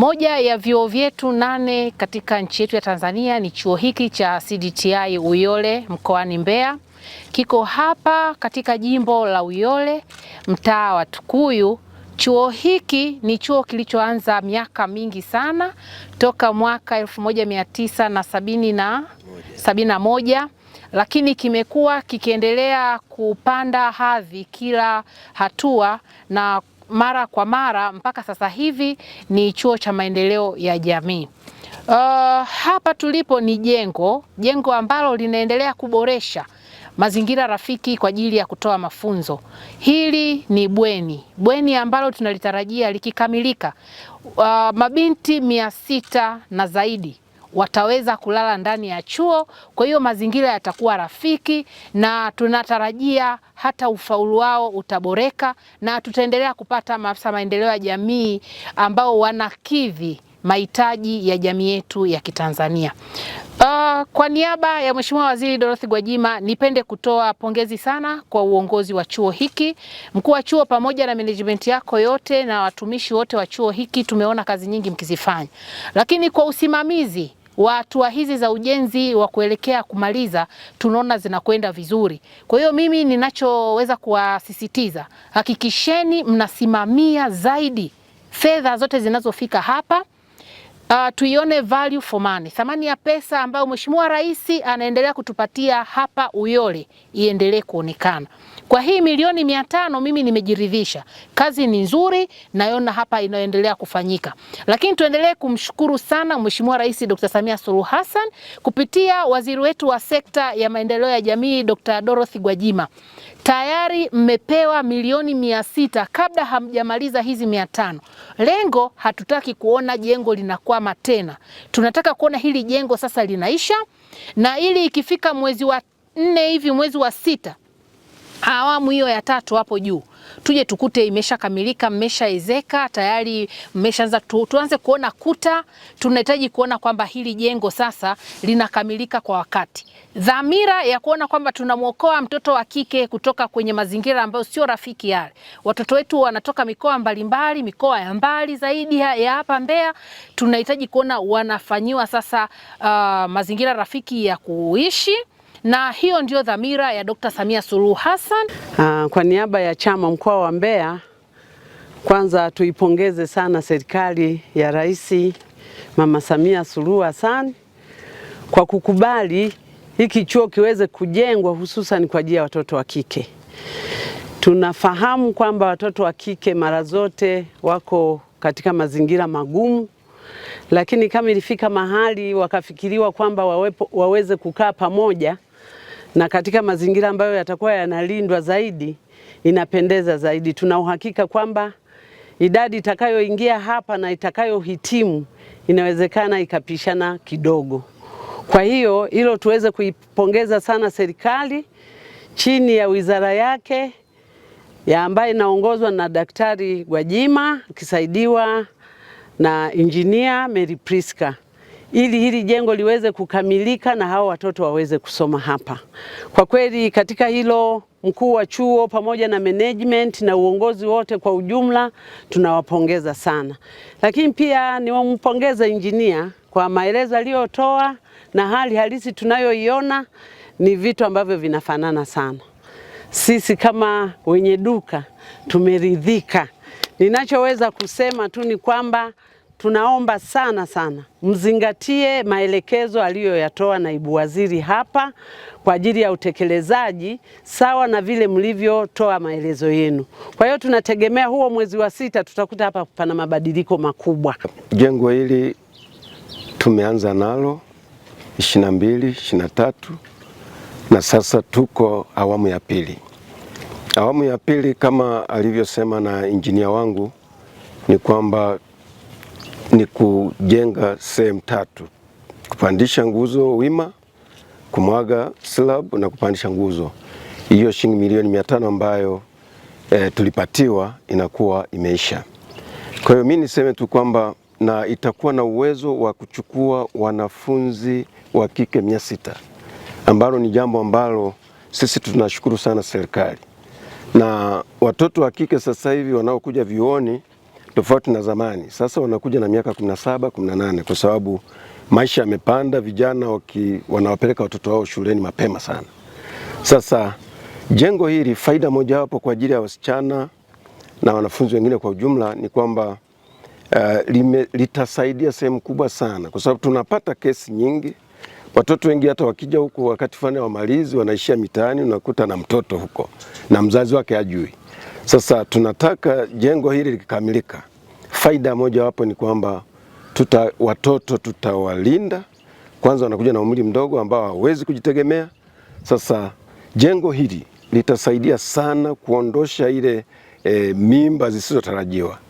Moja ya vyuo vyetu nane katika nchi yetu ya Tanzania ni chuo hiki cha CDTI Uyole mkoani Mbeya. Kiko hapa katika jimbo la Uyole, mtaa wa Tukuyu. Chuo hiki ni chuo kilichoanza miaka mingi sana toka mwaka 1971 lakini kimekuwa kikiendelea kupanda hadhi kila hatua na mara kwa mara mpaka sasa hivi ni chuo cha maendeleo ya jamii. Uh, hapa tulipo ni jengo jengo ambalo linaendelea kuboresha mazingira rafiki kwa ajili ya kutoa mafunzo. Hili ni bweni, bweni ambalo tunalitarajia likikamilika, uh, mabinti mia sita na zaidi wataweza kulala ndani ya chuo. Kwa hiyo mazingira yatakuwa rafiki na tunatarajia hata ufaulu wao utaboreka na tutaendelea kupata maafisa maendeleo ya jamii ambao wanakidhi mahitaji ya jamii yetu ya Kitanzania. Uh, kwa niaba ya Mheshimiwa Waziri Dorothy Gwajima nipende kutoa pongezi sana kwa uongozi wa chuo hiki. Mkuu wa chuo pamoja na management yako yote na watumishi wote wa chuo hiki tumeona kazi nyingi mkizifanya. Lakini kwa usimamizi wa hatua hizi za ujenzi wa kuelekea kumaliza tunaona zinakwenda vizuri. Kwa hiyo mimi ninachoweza kuwasisitiza, hakikisheni mnasimamia zaidi fedha zote zinazofika hapa uh, tuione value for money, thamani ya pesa ambayo Mheshimiwa Rais anaendelea kutupatia hapa Uyole iendelee kuonekana. Kwa hii milioni mia tano mimi nimejiridhisha, kazi ni nzuri, naiona hapa inayoendelea kufanyika, lakini tuendelee kumshukuru sana Mheshimiwa Rais Dr. Samia Suluhu Hassan kupitia waziri wetu wa sekta ya maendeleo ya jamii Dr. Dorothy Gwajima tayari mmepewa milioni mia sita kabla hamjamaliza hizi mia tano. Lengo hatutaki kuona jengo linakuwa mama tena. Tunataka kuona hili jengo sasa linaisha, na ili ikifika mwezi wa nne hivi, mwezi wa sita, awamu hiyo ya tatu hapo juu tuje tukute imeshakamilika, mmeshaezeka tayari, mmeshaanza tu, tuanze kuona kuta. Tunahitaji kuona kwamba hili jengo sasa linakamilika kwa wakati. Dhamira ya kuona kwamba tunamwokoa mtoto wa kike kutoka kwenye mazingira ambayo sio rafiki yale. Watoto wetu wanatoka mikoa mbalimbali, mikoa ya mbali zaidi ya hapa Mbeya. Tunahitaji kuona wanafanyiwa sasa uh, mazingira rafiki ya kuishi na hiyo ndio dhamira ya Dkt. Samia Suluhu Hassan. Ah, kwa niaba ya chama mkoa wa Mbeya, kwanza tuipongeze sana serikali ya Rais Mama Samia Suluhu Hassan kwa kukubali hiki chuo kiweze kujengwa hususan kwa ajili ya watoto wa kike. Tunafahamu kwamba watoto wa kike mara zote wako katika mazingira magumu, lakini kama ilifika mahali wakafikiriwa kwamba wawepo, waweze kukaa pamoja, na katika mazingira ambayo yatakuwa yanalindwa zaidi, inapendeza zaidi. Tuna uhakika kwamba idadi itakayoingia hapa na itakayohitimu inawezekana ikapishana kidogo. Kwa hiyo hilo tuweze kuipongeza sana serikali chini ya wizara yake ya ambayo inaongozwa na Daktari Gwajima akisaidiwa na injinia Mary Priska ili hili jengo liweze kukamilika na hao watoto waweze kusoma hapa. Kwa kweli katika hilo mkuu wa chuo pamoja na management na uongozi wote kwa ujumla tunawapongeza sana, lakini pia niwampongeza injinia kwa maelezo aliyotoa na hali halisi tunayoiona ni vitu ambavyo vinafanana sana. Sisi kama wenye duka tumeridhika. Ninachoweza kusema tu ni kwamba tunaomba sana sana mzingatie maelekezo aliyoyatoa naibu waziri hapa kwa ajili ya utekelezaji sawa na vile mlivyotoa maelezo yenu. Kwa hiyo tunategemea huo mwezi wa sita tutakuta hapa pana mabadiliko makubwa. Jengo hili tumeanza nalo 22, 23 na sasa tuko awamu ya pili. Awamu ya pili kama alivyosema na injinia wangu ni kwamba ni kujenga sehemu tatu: kupandisha nguzo wima, kumwaga slab na kupandisha nguzo. Hiyo shilingi milioni mia tano ambayo e, tulipatiwa inakuwa imeisha. Kwa hiyo mi niseme tu kwamba na itakuwa na uwezo wa kuchukua wanafunzi wa kike mia sita ambalo ni jambo ambalo sisi tunashukuru sana serikali na watoto wa kike sasa hivi wanaokuja vyuoni tofauti na zamani. Sasa wanakuja na miaka 17, 18 kwa sababu maisha yamepanda, vijana waki, wanawapeleka watoto wao shuleni mapema sana. Sasa jengo hili faida mojawapo kwa ajili ya wasichana na wanafunzi wengine kwa ujumla ni kwamba uh, lime, litasaidia sehemu kubwa sana, kwa sababu tunapata kesi nyingi. Watoto wengi hata wakija huko wakati fulani wamalizi, wanaishia mitaani, unakuta na mtoto huko na mzazi wake ajui sasa tunataka jengo hili likikamilika, faida moja wapo ni kwamba tuta, watoto tutawalinda kwanza, wanakuja na umri mdogo ambao hawezi kujitegemea. Sasa jengo hili litasaidia sana kuondosha ile e, mimba zisizotarajiwa.